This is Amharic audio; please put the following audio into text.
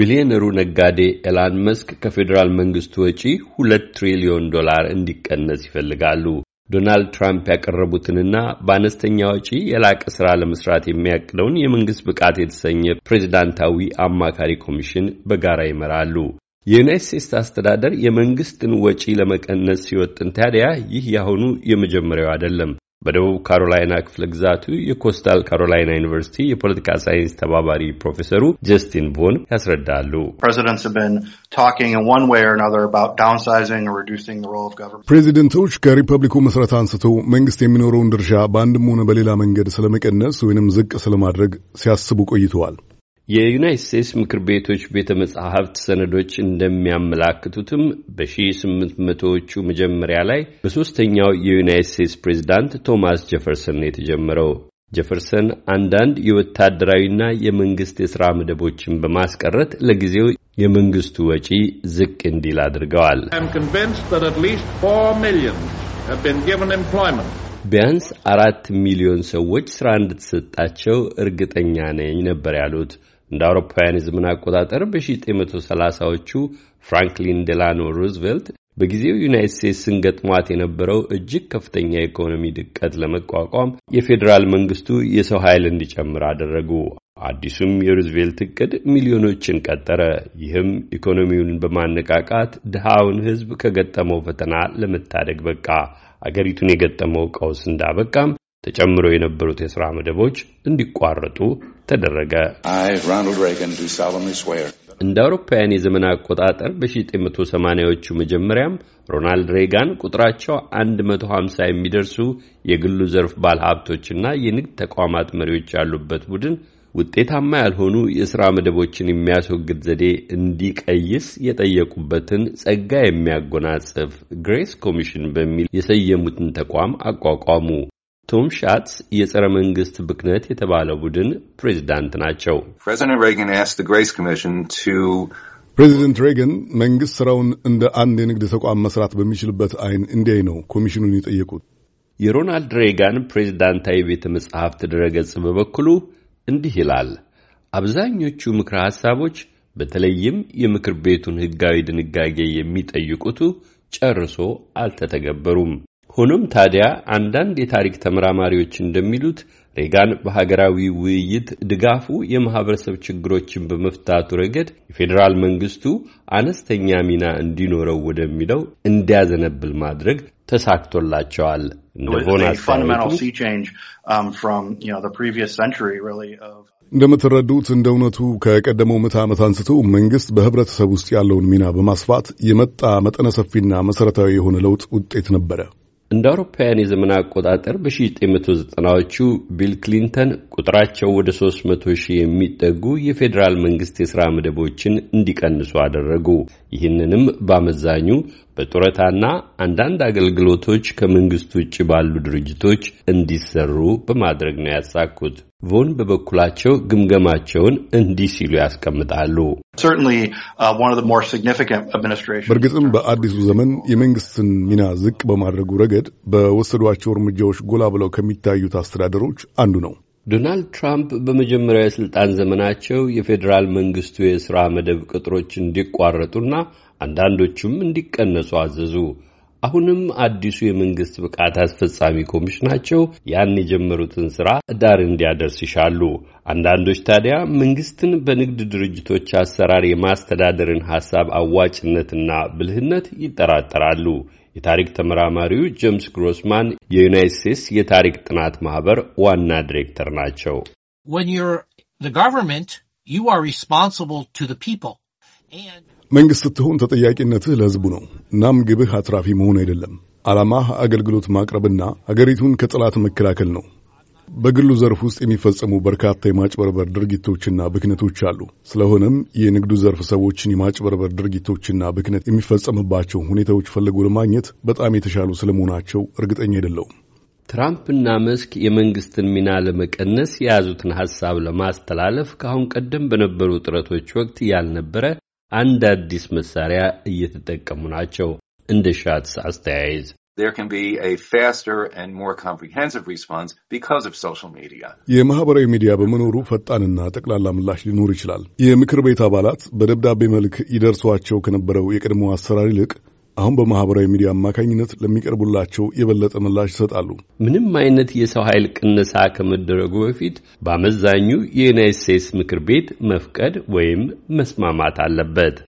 ቢሊዮነሩ ነጋዴ ኤላን መስክ ከፌዴራል መንግስቱ ወጪ ሁለት ትሪሊዮን ዶላር እንዲቀነስ ይፈልጋሉ። ዶናልድ ትራምፕ ያቀረቡትንና በአነስተኛ ወጪ የላቀ ሥራ ለመስራት የሚያቅደውን የመንግሥት ብቃት የተሰኘ ፕሬዚዳንታዊ አማካሪ ኮሚሽን በጋራ ይመራሉ። የዩናይት ስቴትስ አስተዳደር የመንግሥትን ወጪ ለመቀነስ ሲወጥን ታዲያ ይህ ያሁኑ የመጀመሪያው አይደለም። በደቡብ ካሮላይና ክፍለ ግዛቱ የኮስታል ካሮላይና ዩኒቨርሲቲ የፖለቲካ ሳይንስ ተባባሪ ፕሮፌሰሩ ጀስቲን ቦን ያስረዳሉ። ፕሬዚደንቶች ከሪፐብሊኩ መስረት አንስቶ መንግስት የሚኖረውን ድርሻ በአንድም ሆነ በሌላ መንገድ ስለመቀነስ ወይንም ዝቅ ስለማድረግ ሲያስቡ ቆይተዋል። የዩናይት ስቴትስ ምክር ቤቶች ቤተ መጻሕፍት ሰነዶች እንደሚያመላክቱትም በ1800ዎቹ መጀመሪያ ላይ በሦስተኛው የዩናይት ስቴትስ ፕሬዝዳንት ቶማስ ጀፈርሰን ነው የተጀመረው። ጀፈርሰን አንዳንድ የወታደራዊና የመንግሥት የሥራ መደቦችን በማስቀረት ለጊዜው የመንግሥቱ ወጪ ዝቅ እንዲል አድርገዋል። ቢያንስ አራት ሚሊዮን ሰዎች ሥራ እንደተሰጣቸው እርግጠኛ ነኝ ነበር ያሉት። እንደ አውሮፓውያን የዘመን አቆጣጠር በ1930ዎቹ ፍራንክሊን ዴላኖ ሩዝቬልት በጊዜው ዩናይት ስቴትስን ገጥሟት የነበረው እጅግ ከፍተኛ የኢኮኖሚ ድቀት ለመቋቋም የፌዴራል መንግስቱ የሰው ኃይል እንዲጨምር አደረጉ። አዲሱም የሩዝቬልት እቅድ ሚሊዮኖችን ቀጠረ። ይህም ኢኮኖሚውን በማነቃቃት ድሃውን ሕዝብ ከገጠመው ፈተና ለመታደግ በቃ። አገሪቱን የገጠመው ቀውስ እንዳበቃም ተጨምሮ የነበሩት የሥራ መደቦች እንዲቋረጡ ተደረገ። እንደ አውሮፓውያን የዘመን አቆጣጠር በ1980ዎቹ መጀመሪያም ሮናልድ ሬጋን ቁጥራቸው 150 የሚደርሱ የግሉ ዘርፍ ባለሀብቶችና የንግድ ተቋማት መሪዎች ያሉበት ቡድን ውጤታማ ያልሆኑ የሥራ መደቦችን የሚያስወግድ ዘዴ እንዲቀይስ የጠየቁበትን ጸጋ የሚያጎናጽፍ ግሬስ ኮሚሽን በሚል የሰየሙትን ተቋም አቋቋሙ። ቶም ሻትስ የጸረ መንግስት ብክነት የተባለው ቡድን ፕሬዚዳንት ናቸው። ፕሬዚደንት ሬገን መንግስት ስራውን እንደ አንድ የንግድ ተቋም መስራት በሚችልበት አይን እንዲያይ ነው ኮሚሽኑን የጠየቁት። የሮናልድ ሬጋን ፕሬዚዳንታዊ ቤተ መጽሐፍት ድረገጽ በበኩሉ እንዲህ ይላል። አብዛኞቹ ምክረ ሐሳቦች በተለይም የምክር ቤቱን ሕጋዊ ድንጋጌ የሚጠይቁቱ ጨርሶ አልተተገበሩም። ሆኖም ታዲያ አንዳንድ የታሪክ ተመራማሪዎች እንደሚሉት ሬጋን በሀገራዊ ውይይት ድጋፉ የማህበረሰብ ችግሮችን በመፍታቱ ረገድ የፌዴራል መንግስቱ አነስተኛ ሚና እንዲኖረው ወደሚለው እንዲያዘነብል ማድረግ ተሳክቶላቸዋል። um, እንደምትረዱት እንደ እውነቱ ከቀደመው ምዕተ ዓመት አንስቶ መንግሥት በህብረተሰብ ውስጥ ያለውን ሚና በማስፋት የመጣ መጠነ ሰፊና መሠረታዊ የሆነ ለውጥ ውጤት ነበረ። እንደ አውሮፓውያን የዘመን አቆጣጠር በ1990ዎቹ ቢል ክሊንተን ቁጥራቸው ወደ 300 ሺህ የሚጠጉ የፌዴራል መንግስት የሥራ መደቦችን እንዲቀንሱ አደረጉ። ይህንንም በአመዛኙ በጡረታና አንዳንድ አገልግሎቶች ከመንግስት ውጭ ባሉ ድርጅቶች እንዲሰሩ በማድረግ ነው ያሳኩት። ቮን በበኩላቸው ግምገማቸውን እንዲህ ሲሉ ያስቀምጣሉ። uh, በእርግጥም በአዲሱ ዘመን የመንግስትን ሚና ዝቅ በማድረጉ ረገድ በወሰዷቸው እርምጃዎች ጎላ ብለው ከሚታዩት አስተዳደሮች አንዱ ነው። ዶናልድ ትራምፕ በመጀመሪያው የሥልጣን ዘመናቸው የፌዴራል መንግስቱ የሥራ መደብ ቅጥሮች እንዲቋረጡና አንዳንዶቹም እንዲቀነሱ አዘዙ። አሁንም አዲሱ የመንግስት ብቃት አስፈጻሚ ኮሚሽናቸው ያን የጀመሩትን ስራ ዳር እንዲያደርስ ይሻሉ። አንዳንዶች ታዲያ መንግስትን በንግድ ድርጅቶች አሰራር የማስተዳደርን ሐሳብ አዋጭነትና ብልህነት ይጠራጠራሉ። የታሪክ ተመራማሪው ጄምስ ግሮስማን የዩናይት ስቴትስ የታሪክ ጥናት ማህበር ዋና ዲሬክተር ናቸው። When you're the government, you are መንግሥት ስትሆን ተጠያቂነትህ ለሕዝቡ ነው። እናም ግብህ አትራፊ መሆን አይደለም። ዓላማህ አገልግሎት ማቅረብና አገሪቱን ከጠላት መከላከል ነው። በግሉ ዘርፍ ውስጥ የሚፈጸሙ በርካታ የማጭበርበር ድርጊቶችና ብክነቶች አሉ። ስለሆነም የንግዱ ዘርፍ ሰዎችን የማጭበርበር ድርጊቶችና ብክነት የሚፈጸምባቸው ሁኔታዎች ፈልጎ ለማግኘት በጣም የተሻሉ ስለመሆናቸው እርግጠኛ አይደለውም። ትራምፕና መስክ የመንግስትን ሚና ለመቀነስ የያዙትን ሐሳብ ለማስተላለፍ ከአሁን ቀደም በነበሩ ጥረቶች ወቅት ያልነበረ አንድ አዲስ መሳሪያ እየተጠቀሙ ናቸው። እንደ ሻትስ አስተያየት የማህበራዊ ሚዲያ በመኖሩ ፈጣንና ጠቅላላ ምላሽ ሊኖር ይችላል። የምክር ቤት አባላት በደብዳቤ መልክ ይደርሷቸው ከነበረው የቀድሞ አሰራር ይልቅ አሁን በማህበራዊ ሚዲያ አማካኝነት ለሚቀርቡላቸው የበለጠ ምላሽ ይሰጣሉ። ምንም አይነት የሰው ኃይል ቅነሳ ከመደረጉ በፊት በአመዛኙ የዩናይት ስቴትስ ምክር ቤት መፍቀድ ወይም መስማማት አለበት።